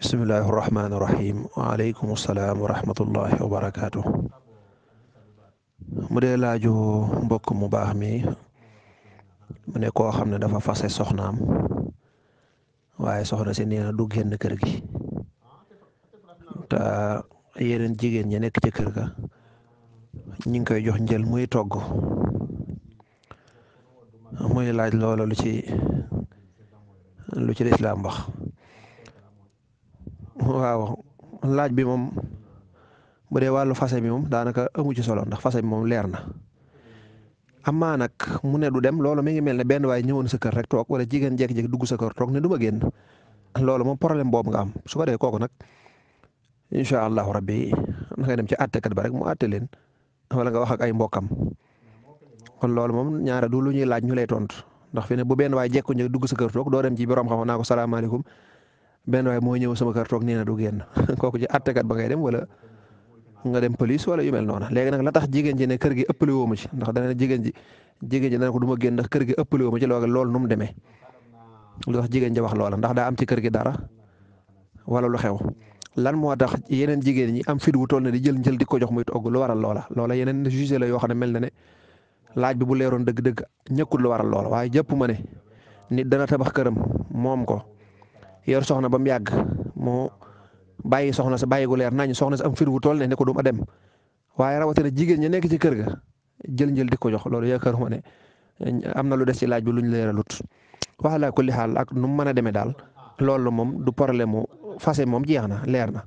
bismillahi irrahmani irrahim waaleykum assalaam wa wa barakaatu mu dee laaju mbokk mu baax mi mu ne koo xam ne dafa fase soxnaam waaye soxna si nee na du génn kër gi te yeneen jigéen ñi nekk ci kër ga ñi ngi koy jox njël muy togg muy laaj loola lu ci lu ci lislaam wax waaw laaj bi moom bu dee wàllu fase mi moom daanaka amu ci solo ndax fase bi moom leer na amaa nag mu ne du dem loolu mi ngi mel ne benn waay ñëwoon sa kër rek toog wala jigéen jékki jekk dugg sa kër toog ne du ma génn loolu moom problème boobu nga am su ko dee nag incha allahu rabbi na ngay dem ci àttekat ba rek mu àtte leen wala nga wax ak ay kon loolu moom ñaara du lu ñuy laaj ñu lay tontu ndax fi benn waaye jékku njëkk dugg sa kër toog doo dem ci borom xam naa ko salaamaaleykum benn waaye moo ñëw sama kër toog nee na du génn kooku ci àttekat ba ngay dem wala nga dem police wala yu mel noonu léegi nag la tax jigéen ji ne kër gi ëppale woo ma ci ndax dana jigéen ji jigéen ji dana ko du ma génn ndax kër gi ëppale woo ma ci loolu nu mu demee lu tax jigéen ji wax loola ndax daa am ci kër gi dara wala lu xew lan moo tax yeneen jigéen ñi am fit wu toll ne di jël njël di ko jox muy togg lu waral loola loola yeneen jugé la yoo xam ne mel ne laaj bi bu leeroon dëgg-dëgg ñëkkul lu waral loola waaye jëpp ma ne nit dana tabax këram moom ko yor soxna ba mu yàgg mu bàyyi soxna sa bàyyi gu leer nañ soxna sa am fir wu tool ne ne ko du ma dem waaye rawatina jigéen ña nekk ci kër ga jël njël di ko jox loolu yaakaaruma ne am na lu des ci laaj bi lu ñu leeralut wax laa kulli xaal ak nu mu mën a demee daal loolu moom du problème mu fase moom jeex na leer na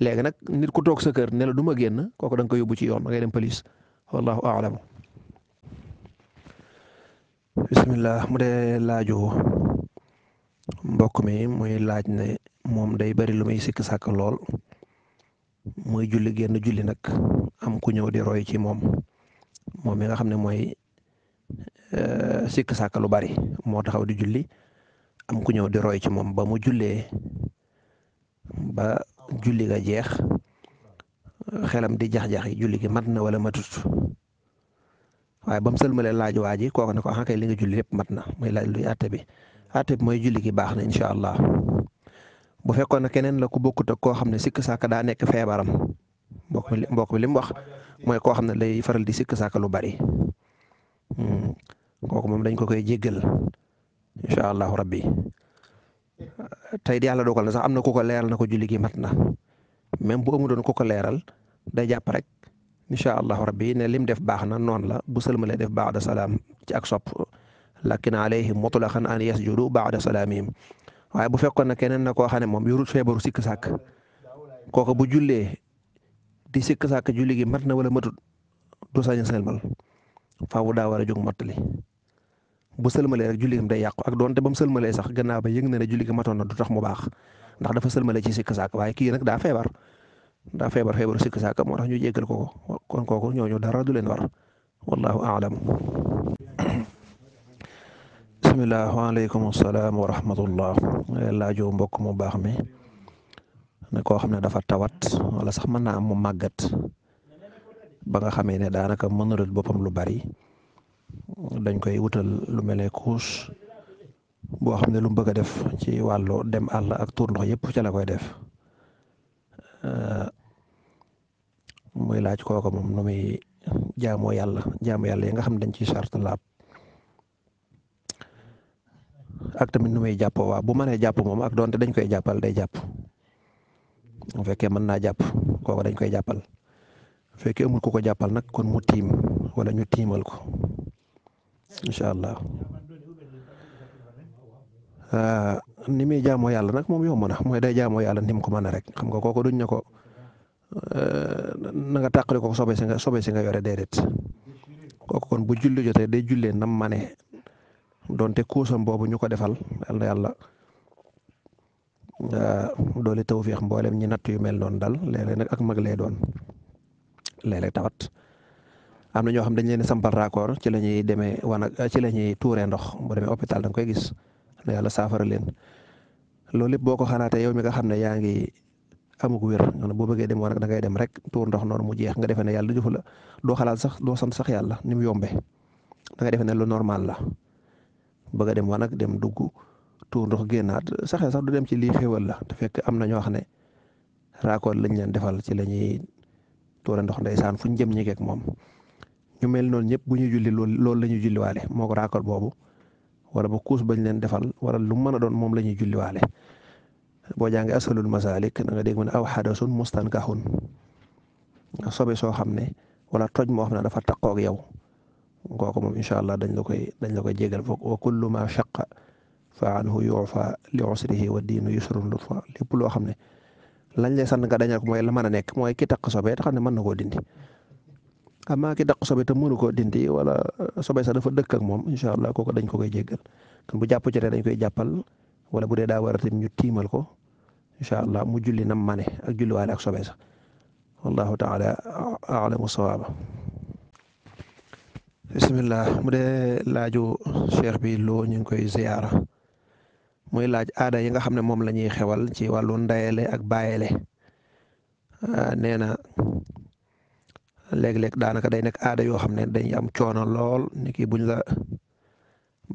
léegi nag nit ku toog sa kër ne du ma génn kooku da ko yóbbu ci yoon da ngay dem police wallahu a'lam bismillah mu dee laaju mbokk mi muy laaj ne moom day bari lu muy sikk sàkk lool muy julli genn julli nag am ku ñëw di roy ci moom moom mi nga xam ne mooy eh, sikk sàkk lu bari moo taxaw di julli am ku ñëw di roy ci moom ba mu jullee ba julli ga jeex xelam di jax-jax yi julli gi mat na wala matut waaye ba mu laaj waa ji kooku ne ko ah kay li nga julli lépp mat na muy laaj luy àtte bi àtte mooy julli gi baax na incha allah bu fekkoon ne keneen la ku bokkut ak koo xam ne sikk sàkk daa nekk feebaram mbokk mi mbokk mi wax mooy koo xam ne lay faral di sikk sàkk lu bari hmm, kooku moom dañ ko koy jéggal incha allahu rabbi tey di yàlla dogal na sax am na ku ko leeral na ko julli gi mat na même bu amu doon ku ko leeral day jàpp rek incha allahu rabbi ne lim def baax na noonu la bu sëlmalee def baax da salaam ci ak sopp lakin alayhim mutlaqan an yasjudu ba'da salaamihim waaye bu fekkoon ne keneen na koo xam ne moom yorut feebaru sikk sàkk kooku bu jullee di sikk sàkk julli gi mat na wala matut du sañ a sëlmal faaw daa war a jóg mottali bu sëlmalee rek julli gi day yàqu ak doonte ba mu sëlmalee sax gannaaw ba yëg na ne julli gi na du tax mu baax ndax dafa sëlmalee ci sikk waaye kii nag daa feebar daa feebar feebaru sikk moo tax ñu jéggal ko ko kon kooku ñooñu dara du leen war wallahu aalam bisimilah waaleykum salaam wa rahmatullah eh, laajoo mbokk mu baax mi ne koo xam ne dafa tawat wala sax mën naa am mu màggat ba nga xamee ne daanaka mënul boppam lu bari dañ koy wutal lu mel ne couche boo xam ne lu mu bëgg a def ci wàllu dem àll ak tuur yépp yëpp la koy def eh, muy laaj kooku moom nu muy jaamoo yàlla jaamu yàlla yi nga xam ne dañ ciy charte laab. ak tamit nu muy jàppoo waaw bu mënee jàpp moom ak doonte dañ koy jàppal day jàpp fekke fekkee mën naa jàpp kooku dañ koy jàppal bu fekkee amul ku ko jàppal nag kon mu tiim wala ñu tiimal ko incha allah ah, ni muy jaamoo yàlla nag moom yomb na mooy day jaamoo yàlla ni ko mën rek xam nga kooku ne ko eh, nanga nga tàqali ko sobe si si nga yore déedéet kon bu julli jotee day jullee nam mane donte kuusam boobu ñu ko defal yal na yàlla uh, doole tawfiix mboolem ñi natt yu mel noonu dal léeg-léeg ak mag lay doon léeg-léeg tawat am na ñoo xam dañ leen sampal raccord ci la ñuy demee wanag ci la ñuy tuuree ndox bu demee hôpital da nga koy gis yàlla saafara leen loolu lépp boo ko xalaatee yow mi nga xam ne yaa ngi amug wér boo bëggee dem wanag da ngay dem rek tuur ndox noonu mu jeex nga defee ne yàlla du jox la doo xalaat sax doo sant sax yàlla ni mu yombee da nga defee ne normal la. bëgg a dem wanag dem dugg tuur ndox génnaat saxee sax du dem ci lii xéewal la te fekk am na ñoo xam ne raakool lañ leen defal ci la ñuy tuure ndox ndeysaan fu ñu jëm ñi moom ñu mel noonu ñëpp bu ñu julli loolu loolu la ñuy julliwaale moo ko boobu wala ba kuus bañ leen defal wala lu mën a doon moom la ñuy julliwaale boo jàngee asalul masalik da nga dégg mu ne aw xadasun mustankahun sobe soo xam ne wala toj moo xam ne dafa taqoog yow kooku moom incha allah dañ la koy dañ la koy jégal foog wa kullu ma shaqa fa anhu yufa li usrihi wa diinu yusrun lutfa lépp loo xam ne lañ lay sant nga dañal ko mooy la mën a nekk mooy ki takk sobe te xam ne man na koo dindi amaa ki takk sobe te mënu koo dindi wala sobe sa dafa dëkk ak moom incha allah kooku dañ ko koy jégal kon bu jàpp ci dañ koy jàppal wala bu dee daa war ñu tiimal ko incha allah mu julli nam mane ak julliwaale ak sobe sax wallahu taala bisimilah mu de laaju cheikh bi loo ñu ngi koy ziyaara muy laaj aada yi nga xam ne moom la ñuy xewal ci wàllu ndayale ak bàyyele ah, nee na léeg-léeg daanaka day nekk aada yoo xam ne dañ am coono lool ni ki buñ la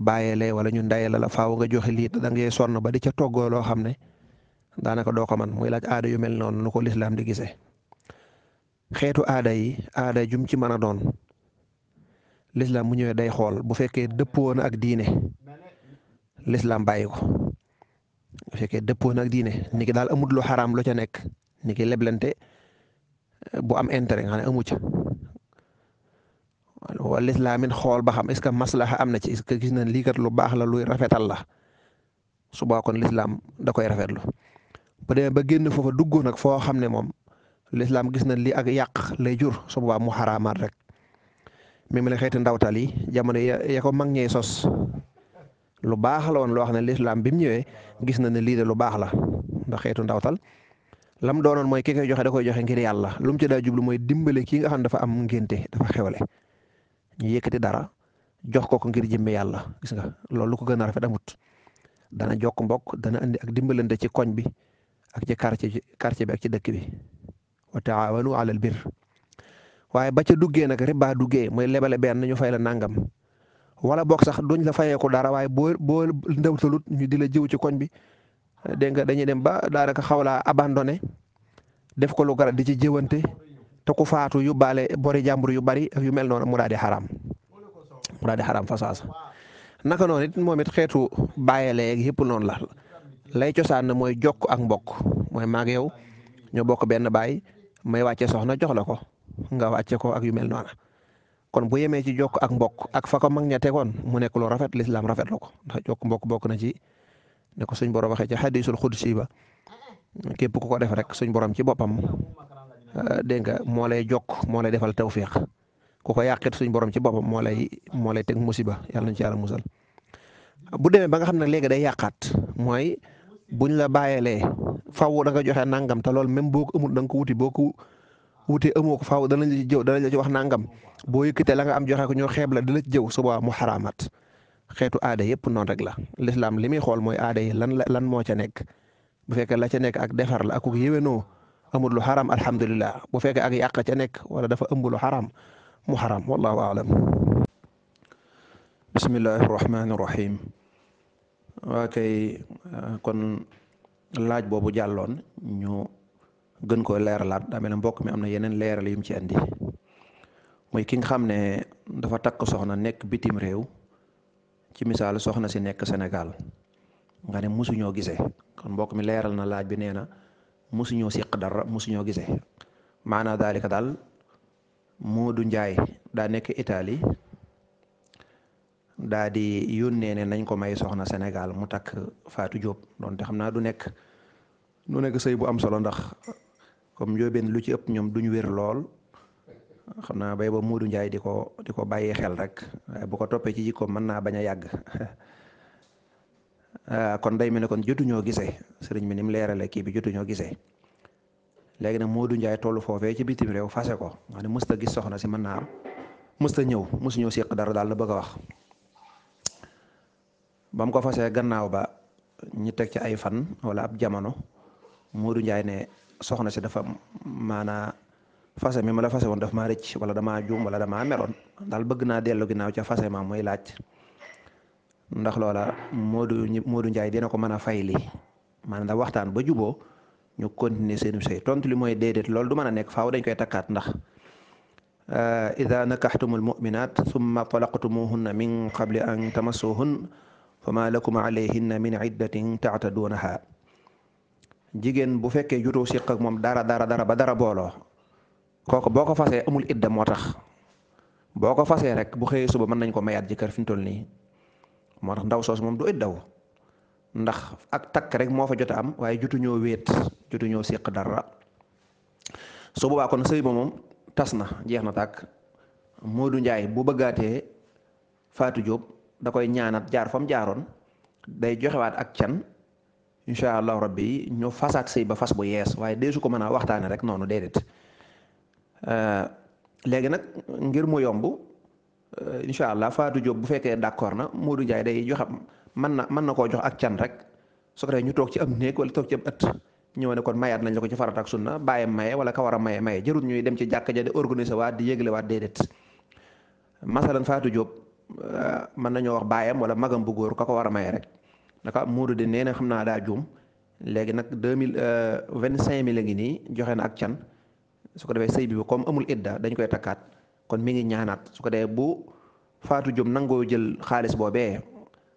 bàyyele wala ñu ndayale la faaw nga joxe lii da ngay sonn ba di ca toggoo loo xam ne daanaka doo ko man muy laaj aada yu mel noonu nu ko lislaam di gisee xeetu aada yi aada jum ci mën a doon lislaam mu ñëwee day xool bu fekkee dëppoo ak diine lislaam bàyyi ko fekkee dëppoo na ak diine daal amut lu xaraam lu ca nekk ni ki leblante eh, bu am intérêt nga ne amu ca wala lislaam xool ba xam est ce que maslaha am na ci est que gis nañ lii kat lu baax la luy rafetal la suba kon lislaam da koy rafetlu bu demee ba génn foofa dugg nag foo xam ne moom lislaam gis nañ lii ak yàq lay jur su mu xaraamaat rek. mi ngi la xeeti ndawtal yi jamono ya ko mag ñee sos lu baax la woon loo xam ne lislaam bi mu ñëwee gis na ne lii lu baax la ndax xeetu ndawtal lam doonoon mooy ki koy joxe da koy joxe ngir yàlla lu mu ci jublu mooy dimbale ki nga xam ne dafa am ngénte dafa xewle ñu yëkkati dara jox ko ko ngir jëmme yàlla gis nga loolu lu ko gën a rafet amut dana jokk mbokk dana andi ak dimbalante ci koñ bi ak ci quartier bi ak ci dëkk bi wa taawanu alal bir waaye ba ca duggee nag riba duggee mooy lebale benn ñu fay la nangam wala boog sax duñ la fayeeku ko dara waaye boo boo ndawtalut ñu di la jiw ci koñ bi dégg nga dañuy dem ba daanaka xaw laa abandonné def ko lu gara di ci jëwante te ku faatu yu baale bori jàmbur yu bari yu mel noonu mu daal di xaraam mu daal di fa saasa naka noonu it moom it xeetu bàyyele yeeg yëpp noonu la lay cosaan mooy jokk ak mbokk mooy maag yow ñoo bokk benn baay may wàccee soxna jox la ko. nga wàcce ko ak yu mel kon bu yemee ci jokk ak mbok ak fa ko mag ña tegoon mu nekk lu rafet lislaam rafet ko ndax jok mbokk bokk na ci ne ko suñ borom waxee ci xadisul xudsi ba képp ku ko def rek suñ borom ci boppam eh, dégg nga moo lay jokk moo lay defal tawfiq ku ko yàqit suñ borom ci boppam moo lay moo lay teg musiba yàlla nañ ci yàlla musal bu demee ba nga xam ne léegi day yàqaat mooy buñ la bàyyeelee faaw da nga joxe nangam te loolu même boo ko amul da nga wuti boo wutee amoo ko faaw danañ la ci jëw la ci wax nangam boo yëkkatee la nga am joxe ko ñoo xeeb la dala ci jëw mu xaraamat xeetu aada yëpp noonu rek la lislaam li muy xool mooy aada yi lan lan moo ca nekk bu fekkee la ca nekk ak defar la ak ku yéwénoo amul lu alhamdulilah bu fekkee ak yàq ca nekk wala dafa ambulo lu mu xaraam wallahu aalam bismillahi rahmaani boobu jàlloon gën koo leeralaat daa mbokk mi am na yeneen leeral yu ci andi muy ki nga xam ne dafa takk soxna nekk bitim réew ci misaal soxna si nekk Sénégal nga ne mosuñoo gise kon mbokk mi leeral na laaj bi na mosuñoo siq dara mosuñoo gisee maanaa daalika daal du Njaay daa nekk itali daa di yónnee nañ ko may soxna Sénégal mu takk Fatou Diop doonte xam naa du nekk du nekk sëy bu am solo ndax comme njóobeen lu ci ëpp ñoom duñ wér lool xam naa bay ba Moodu Njaay di ko di ko bàyyi xel rek waaye bu ko toppee ci ko mën naa bañ a yàgg ah, kon day mel ne kon jotuñoo gisee sëriñ bi ni mu leerale kii bi jotuñoo gisee léegi nag mudu Njaay tollu foofee ci bitim réew fase ko nga ne mësta gis soxna si mën naa am mësta ñëw mësuñoo séq dara daal la bëgg a wax ba ko fasee gannaaw ba ñu teg ci ay fan wala ab jamono Moodu Njaay ne soxna si dafa maanaa fase mi ma fase woon daf maa rëcc wala damaa juum wala damaa meroon daal bëgg naa dellu ginnaaw ca fase ma muy laaj ndax loola Modou Modou Ndiaye dina ko mën a fay lii maanaam da waxtaan ba juboo ñu continuer seen sëy tontu li mooy déedéet loolu du mën a nekk faaw dañ koy takkaat ndax euh, ida nakaxtumu almuminat summa na min qabli an tamassuhun fa ma lakum alayhinna min iddatin taataduunaha jigéen bu fekkee jutoo siq ak moom dara dara dara ba dara booloo kooku boo ko fasee amul da moo tax boo ko fasee rek bu xëyee suba mën nañ ko mayaat jëkkër fi mu toll nii moo tax ndaw soosu moom du daw ndax ak takk rek moo fa jot am waaye jutuñoo wéet jutuñoo siq dara su boobaa kon sëy ba moom tas na jeex na tàkk Modou njaay bu bëggaatee faatu jóob da koy ñaanat jaar fa mu jaaroon day joxewaat ak can incha allahu rabbi ñu fasaat sëy ba fas bu yees waaye su ko mën a waxtaane rek noonu déedéet euh, léegi nag ngir mu yomb euh, incha allah Fatou Diop bu fekkee d'accord na Modou Ndiaye day joxe man na mën na koo jox ak can rek su ko defee ñu toog ci am néeg wala toog ci am ëtt ñëw ne kon mayaat nañ la ko ci farata ak sunna baayam maye wala ka war a maye maye jërut ñuy dem ci jàkka ja di organiser waat di yëgle waat déedéet masalan Fatou Diop euh, mën nañoo wax baayam wala magam bu góor ka ko war a maye rek. naka Moodu de nee na xam naa daa juum léegi nag deux mille euh, vingt cinq mille ngi nii joxe na ak can su ko defee sëy bi comme amul idda dañ koy takkaat kon mi ngi ñaanaat su ko defee bu faatu jum nangoo jël xaalis boobee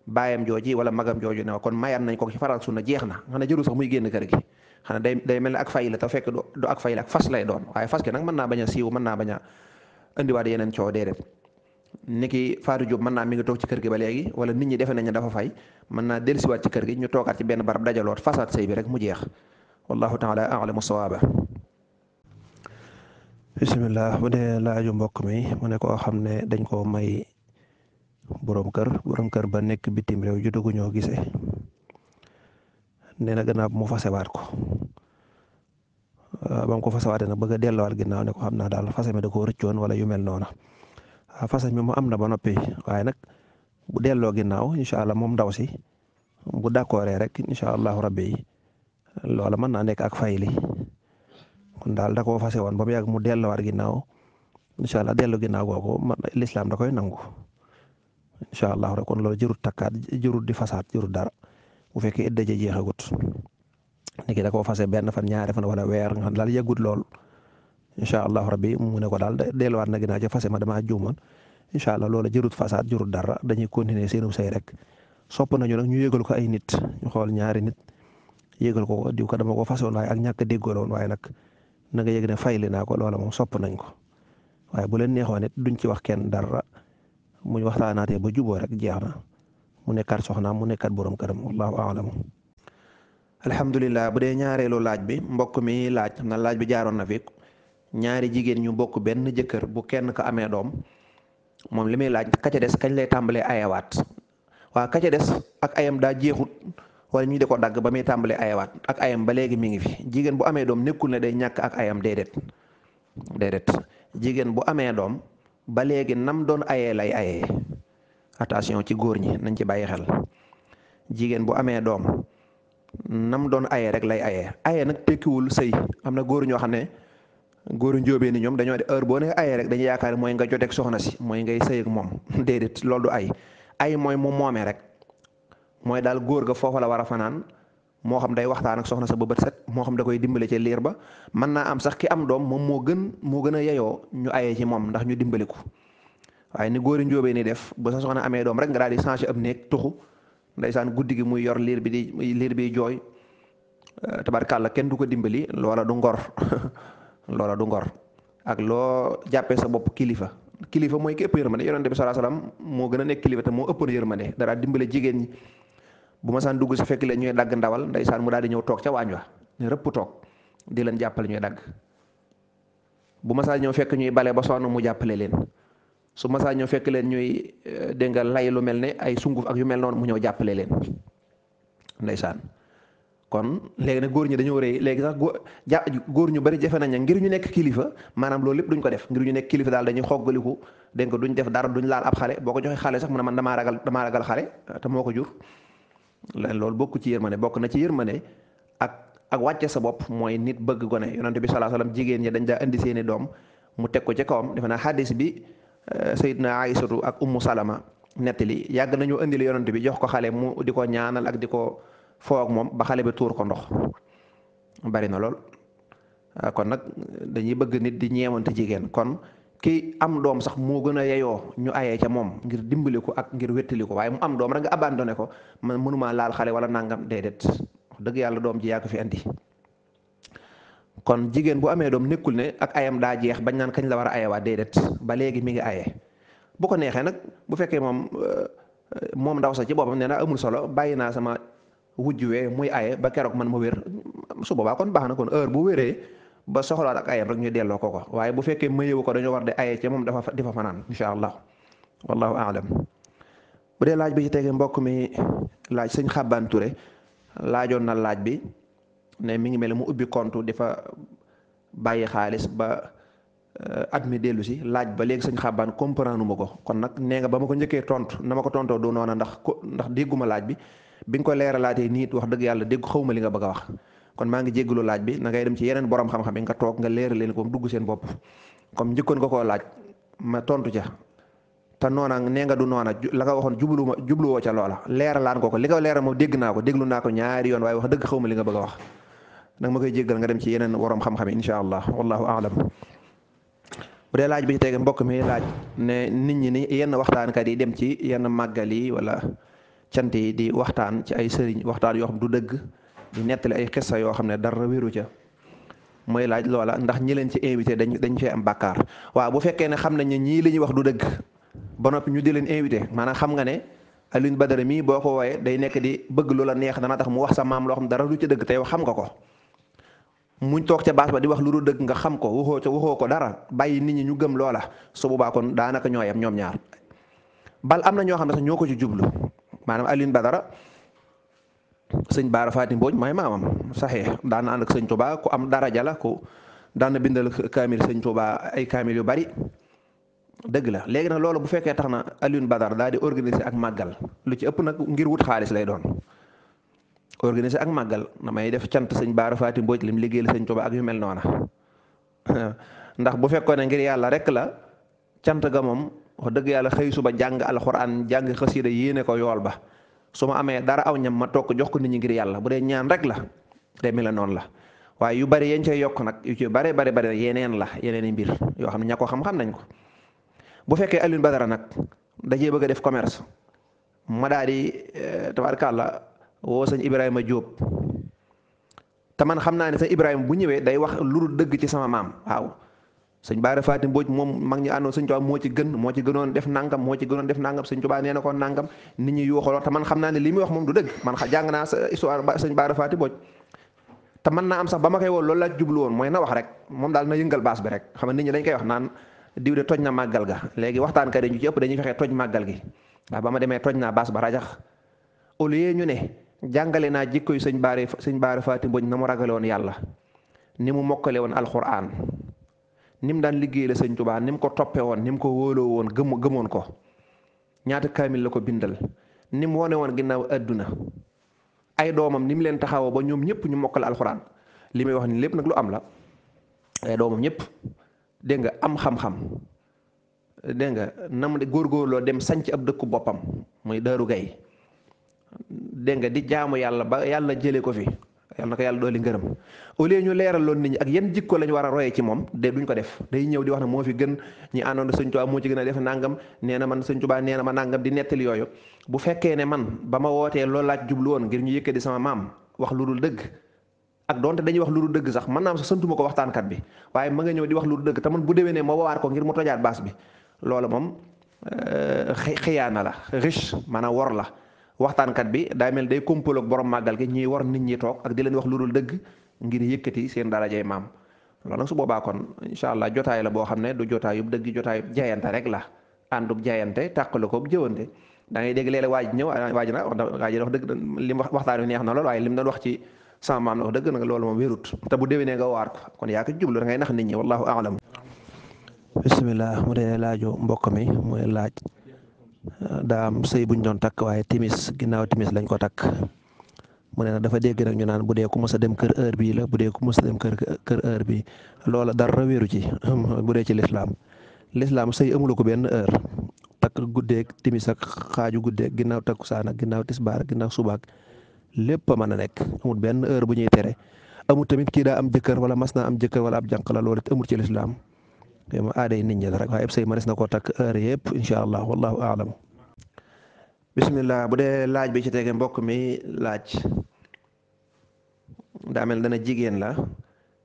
baayam jooji wala magam jooju ne kon mayaat nañ ko ci faral sunna jeex na xanaa jëru sax muy génn kër gi xanaa day day mel ne ak fay la te fekk du ak fay la ak fas lay doon waaye fas gi nag mën naa bañ a siiw mën naa bañ a indiwaat yeneen coow déedéet ni ki Fatou Diop mën naa mi ngi toog ci kër gi ba léegi wala nit ñi defe nañ dafa fay mën naa dellusiwaat ci kër gi ñu toogaat ci benn barab dajaloot fasaat sëy bi rek mu jeex wallahu taala alamu sawaaba bisimilah bu dee laaju mbokk mi mu ne koo xam ne dañ koo may borom kër borom kër ba nekk bitim réew jotagu ñoo gisee nee na gannaaw mu fasewaat ko ba ko fasewaatee nag bëgg a delluwaat ginnaaw ne ko xam naa daal fase mi da koo wala yu mel noona façon bi mu am na ba noppi waaye nag bu delloo ginnaaw incha allah moom ndaw si bu d'accordee rek incha allahu rabbi loola mën naa nekk ak fayli kon daal da koo fase woon ba mu yàgg mu delloowaat ginnaaw incha allah delloo ginnaaw googu man lislaam da koy nangu incha allah rek kon loolu jërut takkaat jërut di fasaat jërut dara bu fekkee ëddëje jeexagut niki da koo fase benn fan ñaari fan wala weer nga daal yàggut lool incha allah rabbi mu ne ko daal delluwaat na ginnaaw ca fase ma damaa juumoon incha allah loola jërut fasaat jërut dara dañuy continuer seenu say rek sopp nañu nag ñu yëgal ko ay nit ñu xool ñaari nit yëgal ko ko diw ko dama ko fasoon waaye ak ñàkk a déggaloon waaye nag na nga yëg ne fayli naa ko loola moom sopp nañ ko waaye bu leen neexoon it duñ ci wax kenn dara muñ waxtaanaatee ba juboo rek jeex na mu nekkaat soxnaam mu nekkaat borom këram wallahu aalam alhamdulilah bu dee ñaareelu laaj bi mbokk mi laaj na laaj bi jaaroon na fi ñaari jigéen ñu bokk benn jëkkër bu kenn ko amee doom moom li muy laaj ka ca des kañ lay tàmbalee ayawaat waa ka des ak ayam daa jeexut wala ñu de ko dagg ba muy tàmbalee ayawaat ak ayam ba léegi mi ngi fi jigéen bu amee doom nekkul ne day ñàkk ak ayam déedéet déedéet jigéen bu amee doom ba léegi nam doon ayee lay ayee attention ci góor ñi nañ ci bàyyi xel jigéen bu amee doom nam doon ayee rek lay ayee ayee nag tekkiwul sëy am na góor ñoo xam ne. góoru njóobee ni ñoom dañoo de heure boo ne ayee rek dañu yaakaar mooy nga joteeg soxna si mooy ngay sëy ak moom déedéet loolu du ay ay mooy mu moomee rek mooy daal góor ga foofa la war a fanaan moo xam day waxtaan ak soxna sa ba bët set moo xam da koy dimbale ci liir ba mën naa am sax ki am doom moom moo gën moo gën a yeyoo ñu ayee ci moom ndax ñu dimbali ko waaye ni góori njóobee ni def ba sa soxna amee doom rek nga daal di changé am néeg tuxu ndaysaan guddi gi muy yor liir bi di liir bi jooy tabarkàlla kenn du ko dimbali loola du ngor loola du ngor ak loo jàppee sa bopp kilifa kilifa mooy ki ëpp na yonente bi salaa moo gën a nekk kilifa te moo ëppoon yërmande dara dimbale jigéen ñi bu ma saan dugg si fekk leen ñuy dagg ndawal ndeysaan mu daal di ñëw toog ca waañ wa ñu rëpp toog di leen jàppale ñuy dagg bu ma saan ñëw fekk ñuy bale ba sonn mu jàppale leen su ma saa ñëw fekk leen ñuy eh, dégg nga lay lu mel ne ay sunguf ak yu mel noonu mu ñëw jàppale leen ndeysaan kon léegi na góor ñi dañoo rëy léegi sax góor ja góor ñu bari jafe nañ ngir ñu nekk kilifa maanaam loolu lépp duñ ko def ngir ñu nekk kilifa daal dañuy xoggaliku dégg nga duñ def dara duñ laal ab xale boo ko joxee xale sax mu ne man damaa ragal damaa ragal xale te moo ko jur loolu bokk ci yërmande bokk na ci yërmande ak ak wàcce sa bopp mooy nit bëgg gone yonent bi sallallahu alayhi jigéen ñi dañ daa indi seeni doom mu teg ko ci kawam defe naa hadis bi euh, sayidna aïsatu ak ummu salama nettali yàgg nañu indil yonent bi jox ko xale mu di ko ñaanal ak di ko foo ak moom ba xale bi tuur ko ndox bari na lool ah, kon nag dañuy bëgg nit di ñeewante jigéen kon ki am doom sax moo gën a yeyoo ñu aye ca moom ngir dimbali ko ak ngir wéttali ko waaye mu am doom rek nga ne ko man mënumaa laal xale wala nangam déedéet wax dëgg yàlla doom ji yaa ko fi andi. kon jigéen bu amee doom nekkul ne ak ayam daa jeex bañ naan kañ la war a ayewaat déedéet ba léegi mi ngi ayee bu ko neexee nag bu fekkee moom euh, euh, moom ndaw sa ci boppam wujj we muy aye ba keroog man ma wér su boobaa kon baax na kon heure bu wéree ba soxla ak ayam rek ñu delloo ko ko waaye bu fekkee mayewu ko dañoo war di aye ca moom dafa di fa fanaan incha allah wallahu aalam bu dee laaj bi ci tege mbokk mi laaj sëñ Xaban rek laajoon na laaj bi ne mi ngi mel mu ubbi compte di fa bàyyi xaalis ba euh, at mi dellu si laaj ba léegi sëñ Xaban comprendre ma ko kon nag nee nga ba ma ko njëkkee tontu na ma ko tontoo du noona ndax ko ndax laaj bi bi nga ko leeralaatee nii wax dëgg yàlla dégg xaw ma li nga bëgg a wax kon maa ngi jéggalu laaj bi na ngay dem ci yeneen borom xam-xam yi nga toog nga leen ko dugg seen bopp comme njëkkoon nga koo laaj ma tontu ca te noona nee nga du noona la nga waxoon jubluwuma jubluwoo ca loola leeralaan ko ko li nga leeral moom dégg naa ko déglu naa ko ñaari yoon waaye wax dëgg xaw ma li nga bëgg a wax nag ma koy jéggal nga dem ci yeneen borom xam yi incha allah wallahu aalam bu dee laaj bi ci mbokk mi laaj ne nit ñi ni yenn waxtaankat yi dem ci yenn màggal yi wala cant yi di waxtaan ci ay sëriñ waxtaan yoo xam du dëgg di nettali ay xissa yoo xam ne dara wéru ca mooy laaj loola ndax ñi leen ci invité dañ dañ fee am bakkaar waaw bu fekkee ne xam nañ ne ñii li ñuy wax du dëgg ba noppi ñu di leen invité maanaam xam nga ne Alioune Badara mii boo ko wooyee day nekk di bëgg loola neex dana tax mu wax sa maam loo xam dara du ca dëgg tey yow xam nga ko muñ toog ca baas ba di wax lu du dëgg nga xam ko waxoo ca waxoo ko dara bàyyi nit ñi ñu gëm loola su boobaa kon daanaka ñooyam ñoom ñaar bal am na ñoo xam ne sax ñoo ko ci jublu maanaam Alioune Badara sëñ Baara Faati Mbooñ mooy maamam saxee daan na ànd ak sëñ Tuubaa ko am daraja la ko daan na bindal kaamil sëñ Tuubaa ay kaamil yu bari dëgg la léegi nag loolu bu fekkee tax na Alioune Badara daal di organiser ak màggal lu ci ëpp nag ngir wut xaalis lay doon organiser ak na may def cant sëñ Baara Faati Mbooñ lim liggéeyal sëñ Tuubaa ak yu mel noona ndax bu fekkoon ne ngir yàlla rek la cant ga moom wax dëgg yàlla xëy suba jàng alxuraan jàng xasida yéene ko yool ba su ma amee dara aw ñam ma toog jox ko nit ñi ngir yàlla bu dee ñaan rek la mi la noon la waaye yu bari yéen cay yokk nag yu bari bari bari yeneen la yeneen i mbir yoo xam ne ña ko xam-xam nañ ko bu fekkee ba dara nag dajee bëgg a def commerce ma daal di eh, tabaarkàlla woo sëñ Ibrahima Diop te man xam naa ne sëñ Ibrahima bu ñëwee day wax lu dul dëgg ci sama maam waaw. sëñ Baara Faati Mbooj moom mag ñi àndoon sëñ Tuubaa moo ci gën moo ci gënoon def nangam moo ci gënoon def nangam sëñ Tuubaa nee na ko nangam nit ñi yuuxaloo te xam naa ne li muy wax moom du dëgg man jàng naa histoire sëñ Baara Faati Mbooj te mën naa am sax ba ma koy woo loolu laa jublu woon mooy na wax rek moom daal na yëngal baas bi rek xam nga nit ñi dañ koy wax naan diw de toj na màggal ga léegi waxtaan kat ñu ci ëpp dañuy fexee toj màggal gi ndax ba ma demee toj naa baas ba rajax au lieu ñu ne jàngale naa jikko yu sëñ baar sëñ Baara Faati Mbooj na mu ragale woon ni mu mokkale woon alquran ni mu daan liggéey la sëñ Tuubaa ni mu ko toppee woon ni ko wóoloo woon gëm gëmoon ko ñaata kaamil la ko bindal ni mu wone woon ginnaaw àdduna ay doomam ni mu leen taxawoo ba ñoom ñëpp ñu mokkal alxuraan li may wax ni lépp nag lu am la ay doomam ñëpp dégg nga am xam-xam dégg nga na mu góorgóorloo dem sañc ab dëkku boppam mooy Daaru Gay dégg nga di jaamu yàlla ba yàlla jëlee ko fi. yal na ko yàlla dooli ngërëm au lieu ñu leeral lool nit ñi ak yan jikko lañ war a royee ci moom de duñ ko def day ñëw di wax ne moo fi gën ñi àndoon sëñ moo ci gën a def nangam nee na man sëñ Tuubaa nee na ma nangam di nettali yooyu bu fekkee ne man ba ma wootee laaj jublu woon ngir ñu yëkkati sama maam wax lu dul dëgg ak donte dañuy wax lu dul dëgg sax man santuma ko waxtaankat bi waaye ma nga ñëw di wax lu dul dëgg te man bu ne moo wawaar ko ngir mu tojaat baas bi loolu moom euh, xiyaana la riche maanaam wor la waxtaankat bi daa mel day kompolo ak borom màggal gi ñuy war nit ñi toog ak di leen wax lu dul dëgg ngir yëkkati seen darajay maam loolu nag su boobaa kon incha allah jotaay la boo xam ne du jotaayub dëgg jotaayub jaayante rek la àndub jaayante tàqale ko jëwante da ngay dégg léeg-léeg waaj ñëw waaj na waaj wax dëgg li mu waxtaan wi neex na lool waaye li mu doon wax ci sama maam la wax dëgg moom wérut te bu déwénee nga waar ko kon yaa ko jublu da ngay nax nit ñi wallahu aalam bisimilah mu dee laajo mbokk mi laaj daa am sëy buñ doon takk waaye timis ginnaaw timis lañ ko takk mu ne nag dafa dégg nag ñu naan bu dee ku mës a dem kër heure bii la bu dee ku mës dem kër kër heure bii loola dara wéeru ci bu dee ci lislaam lislaam sëy amulu ko benn heure takk guddeeg timis ak xaaju guddeeg ginnaaw takkusaan ak ginnaaw tisbaar ginnaaw subaak lépp a mën a nekk amul benn heure bu ñuy tere amul tamit kii daa am jëkkër wala mas naa am jëkkër wala ab jànq la loolu it amul ci lislaam ma aaday nit ñi la rek waaye ab sëy na koo takk heure yëpp incha allah wallahu aalam bismillah bu dee laaj bi ci tege mbokk mi laaj daa mel dana jigéen la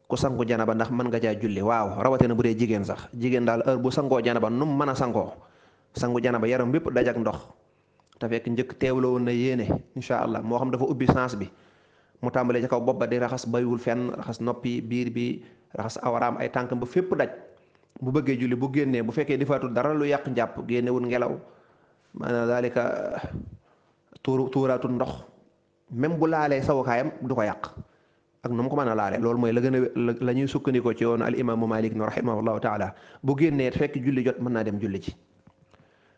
ku sangu janaba ndax mën nga caa julli waaw rawatina bu dee jigéen sax jigéen daal heure bu sangoo janaba num mën a sangoo sangu janaba yaram daj ak ndox te fekk njëkk teewloo woon na yéene incha allah moo xam dafa ubbi sens bi mu tàmbalee ci kaw bopp ba di raxas bayiwul fenn raxas noppi biir bi raxas awraam ba fépp daj bu bëggee julli bu génnee bu fekkee defaatul dara lu yàq njàpp génnewul ngelaw ma daalika tuuru tuuraatul ndox même bu laalee sawukaayam du ko yàq ak nu ko mën a laale loolu mooy la gën a la ñuy sukkandikoo ci yoonu al imaamu Malik na rahimahullahu taala bu génnee fekk julli jot mën naa dem julli ci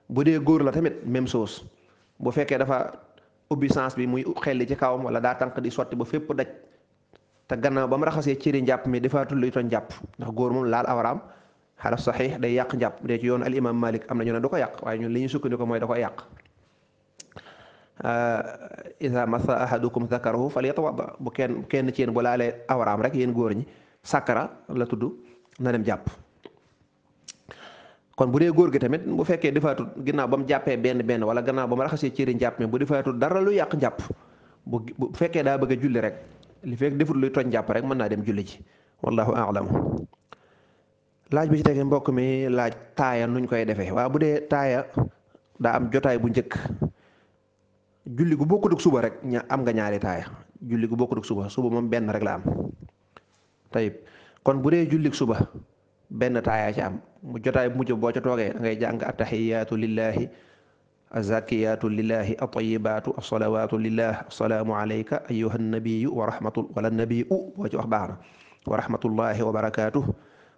bu dee góor la tamit même chose bu fekkee dafa ubbi sens bi muy xelli ci kawam wala daa tànk di sotti ba fépp daj te gannaaw ba mu raxasee cëri njàpp mi defaatul luy toon njàpp góor moom laal awraam xalaf saxiix day yàq njàpp dee ci yoon al imam malik am na ñu ne du ko yàq waaye ñun li ñu sukkandiku mooy da ko yàq isa masa ahadukum zakarahu ba bu kenn kenn ci yéen bu laalee awraam rek yéen góor ñi sàkkara la tudd na dem jàpp kon bu dee góor gi tamit bu fekkee defaatut ginnaaw ba mu jàppee benn benn wala gannaaw ba mu raxasee cëri njàpp mi bu defaatut dara lu yàq njàpp bu bu fekkee daa bëgg julli rek li fekk defut luy toj njàpp rek mën naa dem julli ji wallahu a'lam laaj bi ci tege mbokk mi laaj taaya nuñ koy defee waa bu dee taaya daa am jotaay bu njëkk julli gu bokkut ak suba rek am nga ñaari taaya julli gu bokkut ak suba suba moom benn rek la am tayib kon bu dee jullik suba benn taaya ci am mu jotaay bu mujj boo ca toogee da ngay jàng attahiyaatu lillahi azakiyaatu lillahi atayibaatu asalawaatu lillah asalaamu ayuha nabiyu wala nabiyu boo ci wax baax na wa rahmatullahi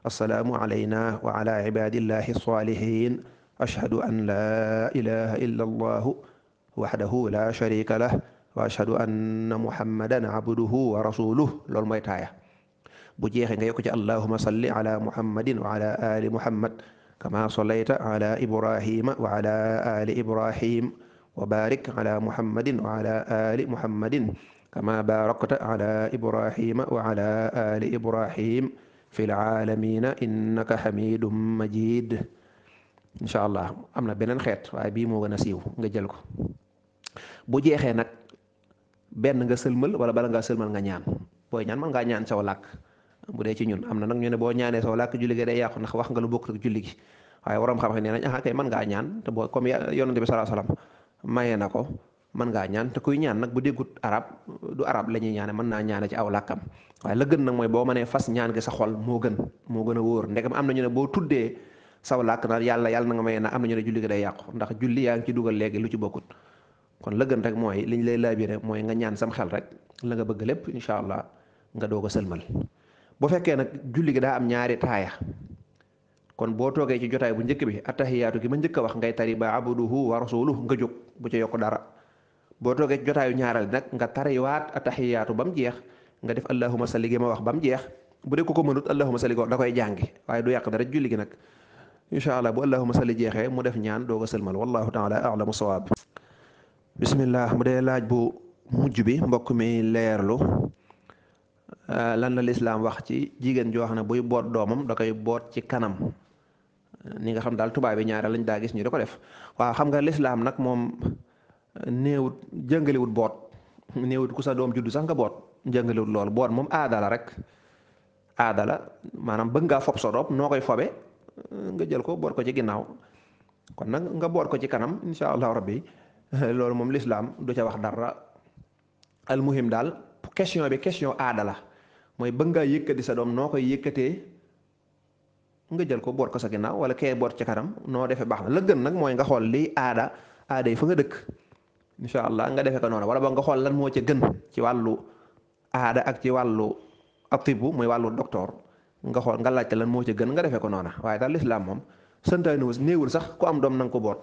assalaamu alayna wa ala ibadillahi salihin ashhadu an la ilaha illa allahu waxdahu la sharika lah wa ashhadu anna muhammadan abduhu wa rasuluh loolu mooy taaya bu jeexee nga yokk ci allahuma salli ala muhammadin wa ala ali muhammad kama sallayta ala ibrahima wa ala ali ibrahim wa barik ala muhammadin wa ala ali muhammadin kama barakta ala ibrahima wa ala ali ibrahim fi laalamina innaka xamidum majid incha allah am na beneen xeet waaye bii moo gën a siiw nga jël ko bu jeexee nag benn nga sëlmal wala bala ngaa sëlmal nga ñaan booy ñaan man nga ñaan saw làkk bu dee ci ñun am na nag ñu boo ñaanee saw làkk julli gi day yàqu ndax wax nga lu bokk rek julli gi waaye waroom xam-xam nee nañ ah kay mën ngaa ñaan te boo comme yonent bi salaa salaam maye na ko mën ngaa ñaan te kuy ñaan nag bu déggut arab du arab la ñuy ñaane mën naa ñaane ci aw làkkam waaye la gën nag mooy boo mënee fas ñaan gi sa xol moo gën moo gën a wóor ndegam am nañu ne boo tuddee saw làkk na yàlla yàlla na nga may na am nañu ne julli day yàqu ndax julli yaa ngi ci dugal léegi lu ci bokkut kon la gën rek mooy liñ lay laabire mooy nga ñaan sam xel rek la nga bëgg lépp incha allah nga doog a sëlmal bu fekkee nag julli gi daa am ñaari taaya kon boo toogee ci jotaay bu njëkk bi attahiyaatu gi ma njëkk a wax ngay tari ba abuduhu wa rasuluhu nga jóg bu ca yokk dara boo toogee ci jotaayu ñaareel nag nga tariwaat ataxiyaatu ba mu jeex nga def allahuma salli gi ma wax ba mu jeex bu dee ku ko mënut allahuma salli ko da koy jàngi waaye du yàq dara julli gi nag incha allah bu allahuma salli jeexee mu def ñaan doog a sëlmal wallahu taala alamu sawaab bismillah mu dee laaj bu mujj bi mbokk mi leerlu euh, lan la lislaam wax ci jigéen joo xam ne buy boot doomam da koy boot ci kanam ni nga xam daal tubaab yi ñaareel lañ daa gis ñu da ko def waaw xam nga lislaam nag moom néewut jàngalewut boot néewut ku sa doom juddu sax nga boot jàngalewut lool boot moom aada rek aada la maanaam bëgg ngaa fob sa doom noo koy fobe nga jël ko boot ko ci ginnaaw kon nag nga boot ko ci kanam insha allahu rabbi loolu moom lislaam du ca wax dara almuhim daal question bi question aada mooy bëgg ngaa yëkkati sa doom noo koy yëkkatee nga jël ko boot ko sa ginnaaw wala kee boot ci kanam noo defe baax na la gën nag mooy nga xool lii aada aada yi fa nga dëkk incha allah nga defee ko noonu wala boog nga xool lan moo ca gën ci wàllu aada ak ci wàllu atibu muy wàllu docteur nga xool nga laajte lan moo ca gën nga defee ko noona waaye daal lislaam moom santaaniwul néewul sax ku am doom na ko boot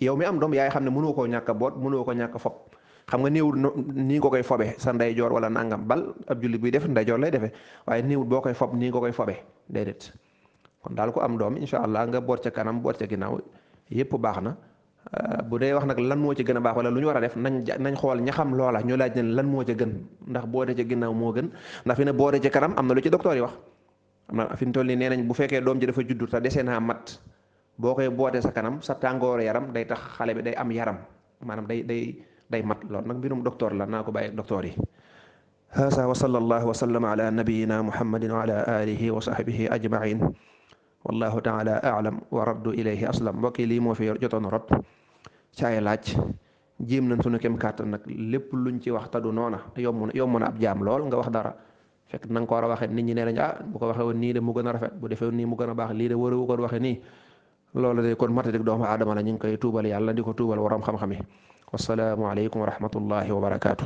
yow mi am doom yaay xam ne mënoo koo ñàkk boot mënoo ko ñàkk a fob xam nga néewul nii nga koy fobe sa ndeyjoor wala nangam bal ab jullit buy def ndeyjoor lay defee waaye néewul boo koy fob nii nga koy fobe déedéet kon daal ku am doom incha allah nga boot ca kanam boot ca ginnaaw yépp baax na Euh, bu dee wax nag lan moo ci gën a baax wala lu ñu war a def nañ nañ xool ña xam loola ñu laaj leen lan moo ca gën ndax boode ca ginnaaw moo gën ndax fi ne boode ca kanam am na lu ci docteur yi wax am fi mu toll nii nee nañ bu fekkee doom ji dafa juddu te dese naa mat boo koy bootee sa kanam sa tàngooru yaram day tax xale bi day am yaram maanaam day day day mat loolu nag mbirum docteur la naa ko bàyyi docteur yi haasa wa sallallahu wa sallama ala nabiyina muhammadin wa ala alihi wa sahbihi ajmain wallahu taala aalam wa raddu ilayhi aslam mbokki lii moo fi jotoon rot ci ay laaj jéem nañ sunu kem kàttan nag lépp luñ ci wax tadu noona yomb na yomb na ab jaam lool nga wax dara fekk na nga ko war a waxe ni ñi nee nañ ah bu ko waxee woon nii de gën a rafet bu defee nii mu gën a baax lii de warawu ko waxee nii loolu de kon matadik doomu aadama la ñu ngi koy tuubal yàlla di ko tuubal waram xam-xam yi wasalaamu aleykum wa rahmatullahi wa barakaatu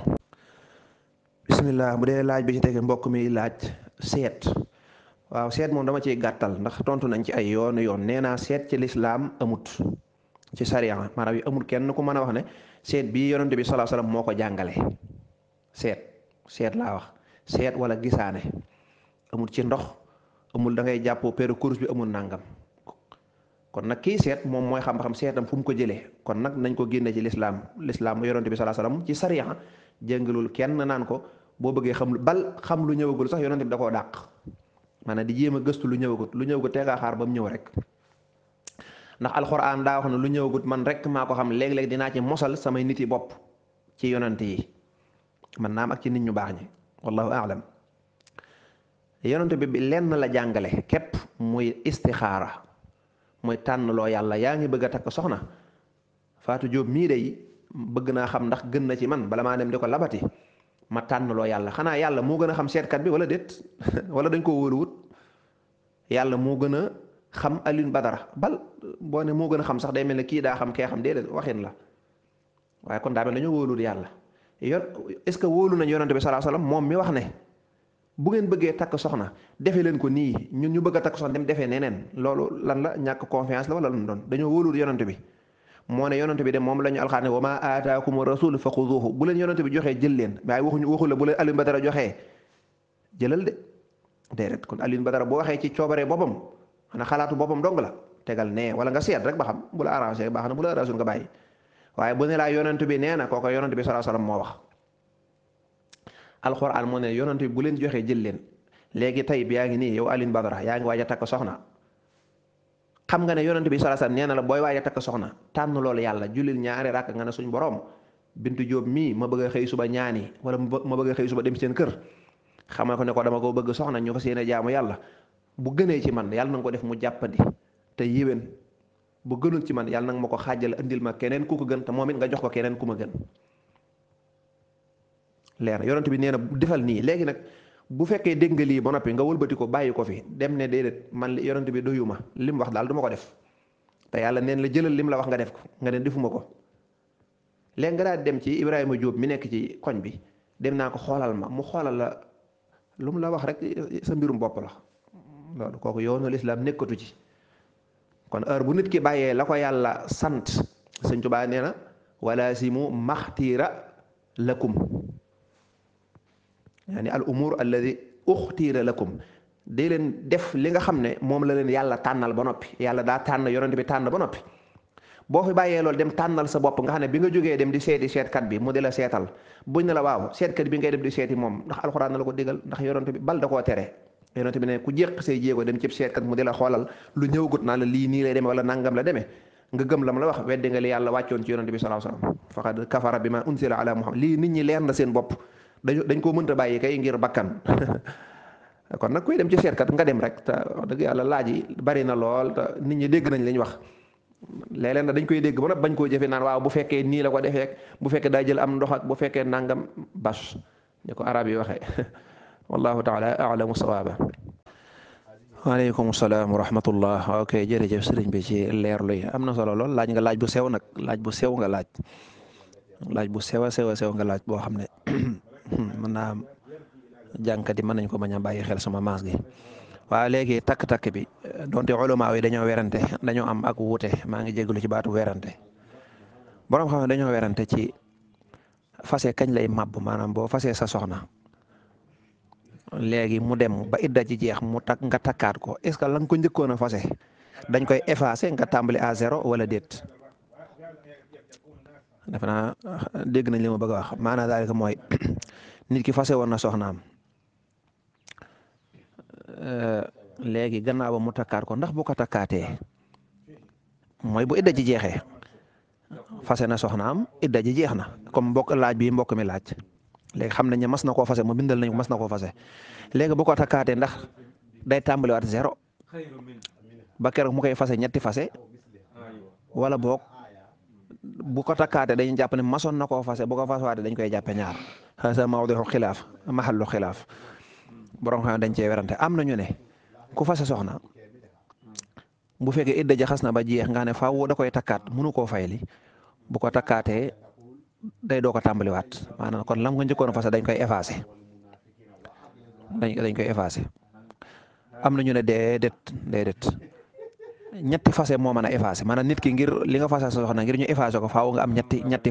bismillah bu dee laaj bi ci tege mbokk mi laaj seet waaw seet moom dama ciy gàttal ndax tontu nañ ci ay yoonu yoon nee naa seet ci lislaam amut ci sariya maanaam yi amul kenn ku mën a wax ne seet bii yonent bi salaa salaam moo ko jàngale seet seet laa wax seet wala gisaane amul ci ndox amul da ngay jàppoo péru course bi amul nangam kon nag kii seet moom mooy xam seetam fu mu ko jëlee kon nag nañ ko génne ci lislaam lislaam yonent bi salaa salaam ci sariya jëngalul kenn naan ko boo bëggee xam lu bal xam lu ñëwagul sax yonent bi da koo dàq maanaam di jéem a gëstu lu ñëwagut lu ñëwagut tee ngaa xaar ba mu ñëw rek ndax alxuraan daa wax ne lu ñëwagut man rek maa ko xam léeg-léeg dinaa ci mosal samay nit yi bopp ci yonent yi man naam ak ci nit ñu baax ñi wallahu aalam yonent bi lenn la jàngale képp muy istixaara muy tànn loo yàlla yaa ngi bëgg a takk soxna Faatu Jóob mii day bëgg naa xam ndax gën na ci man bala maa dem di ko labati ma tànnloo yàlla xanaa yàlla moo gën a xam seetkat bi wala déet wala dañ koo wóoruwut yàlla moo gën a xam Alioune Badara bal boo ne moo gën a xam sax day mel ne kii daa xam kee xam déedéet waxin la waaye kon daa mel dañoo wóoluwut yàlla yor est-ce que wóolu nañ yonante bi sallallahu alayhi moom mi wax ne bu ngeen bëggee takk soxna defee leen ko nii ñun ñu bëgg a takk soxna dem defee neneen loolu lan la ñàkk confiance la wala lu doon dañoo wóoluwut yonante bi moo ne bi de moom lañu ñu alxaar ne wa ma aataakum rasul fa xuduuhu bu leen yonent bi joxee jël leen waaye waxuñu waxu la bu leen Alioune Badara joxee jëlal de déedéet kon Alioune Badara boo waxee ci coobaree boppam xanaa xalaatu boppam dong la tegal nee wala nga seet rek ba xam bu la arrangé baax na bu la arrangé nga bàyyi waaye bu laa yonent bi nee na kooka yonent bi sallallahu alayhi moo wax alxuraan moo ne yonent bi bu leen joxee jël leen léegi tey bi yaa ngi nii yow alin Badara yaa ngi waaja a takk soxna xam nga ne yonent bi sallallahu alayhi nee na la booy waaja takk soxna tànn loolu yàlla julil ñaari ràkk nga ne suñ borom bintu jóob mii ma bëgg a xëy suba ñaani wala ma bëgg a xëy suba dem seen kër xamal ko ne ko dama ko bëgg soxna ñu fas yéene jaamu yàlla bu gënee ci man yàlla na nga ko def mu jàppandi te yéwén bu gënul ci man yàlla nanga ma ko xaajal andil ma keneen ku ko gën te moom it nga jox ko keneen ku ma gën leer yonent bi nee defal nii léegi nag bu fekkee dégg nga lii ba noppi nga wëlbati ko bàyyi ko fi dem ne déedéet man yonent bi doyu ma li mu wax daal du ko def te yàlla neen la jëlal lim la wax nga def ko nga ne defuma ko léegi nga daal dem ci Ibrahima jóob mi nekk ci koñ bi dem naa ko xoolal ma mu xoolal la lu la wax rek sa mbirum bopp la loolu kooku yoonu lislaam nekkatu ci kon heure bu nit ki bàyyee la ko yàlla sant Sëñ Tuubaa nee na walla si mu maxtiira lakum yaani al umur alladi uxtiira lakum day leen def li nga xam ne moom la leen yàlla tànnal ba noppi yàlla daa tànn yonent bi tànn ba noppi boo fi bàyyee loolu dem tànnal sa bopp nga xam ne bi nga jógee dem di seeti seetkat bi mu di la seetal bu ne la waaw seetkat bi ngay dem di seeti moom ndax alxuraan na la ko digal ndax yonent bi bal da koo tere yonent bi ne ku jéq say jéego dem cib mu di la xoolal lu ñëwgut naa la lii nii lay demee wala nangam la demee nga gëm lam la wax weddi nga li yàlla wàccoon ci yonent bi sallallahu alayhi wasallam faqad kafara bima unzila ala muhammad lii nit ñi leer la seen bopp dañ dañ koo mënta bàyyi kay ngir bakkan kon nag kuy dem ci seetkat nga dem rek te wax dëgg yàlla laaj yi bari na lool te nit ñi dégg nañ lañ wax léeg-léeg dañ koy dégg ba nag bañ koo jëfee naan waaw bu fekkee nii la ko defeek bu fekkee daa jël am ndox fekkee nangam bas ñu ko arab yi waxee wallahu taala alamu sawaaba waaleykum salaam wa rahmatullah ok jërëjëf sëriñ bi ci leerlu yi am na solo lool laaj nga laaj bu sew nag laaj bu sew nga laaj laaj bu sew sew sew nga laaj boo xam ne Hmm, mën naa am jànkat yi mën nañ ko bañ a bàyyi xel sama maas gi waaw léegi takk-takk bi donte ulama yi dañoo werante dañoo am ak wuute maa ngi jégalu ci baatu werante borom xam ne dañoo werante ci fase kañ lay màbb maanaam boo fasee sa soxna léegi mu dem ba idda ji jeex mu tak nga takkaat ko est ce que la ko njëkkoon a fase dañ koy effacer nga tàmbali à zéro wala déet defe naa dégg nañ li ma bëgg a wax maanaam daal mooy nit ki fase woon na soxnaam euh, léegi gannaaw ba mu takkaat ko ndax boo ko takkaatee mooy bu idda ji jeexee fase na am idda ji jeex na comme mbokk laaj bi mbokk mi laaj léegi xam nañ ne mas na koo fase mu bindal nañ mas na koo fase léegi bu ko takkaatee ndax day tàmbaliwaat zéro ba keroog mu koy fase ñetti fase wala boog. bu ko takaate dañuy jàpp ne masoon na koo fase bu ko fasawaatee dañ koy jàppe ñaar hasa mawdihu xilaaf mahallu xilaaf borom xam dañ cee werante am na ñu ne ku fase soxna bu fekkee it da jaxas na ba jeex nga ne faaw da koy takkaat mënu koo fayli bu ko takkaatee day doo ko tàmbaliwaat na kon lam nga njëkkoon fase dañ koy effacé dañ koy effacé am na ñu ne déedéet ñetti fase moo mën a effacé maanaam nit ki ngir li nga fase sa soxna ngir ñu effacé ko faaw nga am ñetti ñetti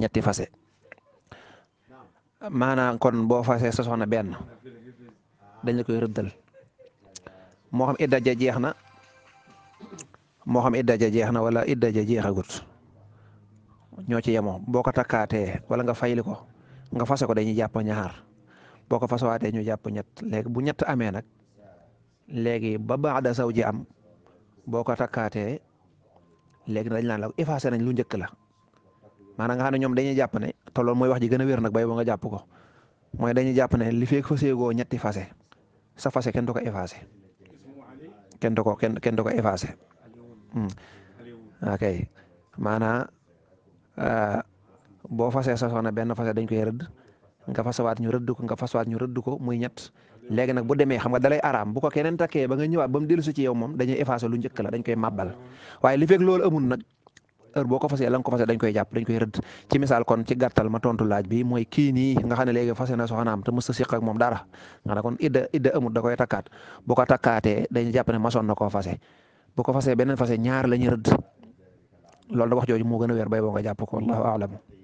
ñetti fase maanaam kon boo fase sa soxna benn dañ la koy rëddal moo xam idda ja jeex na moo xam idda ja jeex na wala idda ja jeexagut ñoo ci yemoo boo ko takkaatee wala nga fayli ko nga fase ko dañuy jàpp ñaar boo ko fasawaatee ñu jàpp ñett léegi bu ñett amee nag léegi ba baada saw ji am boo ko takkaatee léegi dañ naan la effacé nañ lu njëkk la maanaam nga xam ñoom dañuy jàpp ne te mooy wax ji gën a wér nag bay boo nga jàpp ko mooy dañuy jàpp ne li feeg faseegoo ñetti fase sa fase kenn du ko effacé kenn du ko kenn kenn du ko effacé hmm. ok maanaam euh, boo fasee sa soxna benn fase dañ koy rëdd nga fasawaat ñu rëdd ko nga ñu rëdd ko muy ñett léegi nag bu demee xam nga dalay araam bu ko keneen takkee ba nga ñëwaat ba mu dellu si ci yow moom dañuy effacer lu njëkk la dañ koy màbbal waaye li fekk loolu amul nag heure boo ko fasee la nga ko dañ koy jàpp dañ koy rëdd ci misaal kon ci gàttal ma tontu laaj bi mooy kii nii nga xam ne léegi fase na soxnaam te mës a siq ak moom dara nga ne kon idda idda amut da koy takkaat bu ko takkaatee dañuy jàpp ne masoon na koo fase bu ko fasee beneen fase ñaar la ñuy rëdd loolu da wax jooju moo gën a wér bay boo jàpp ko wallahu aalam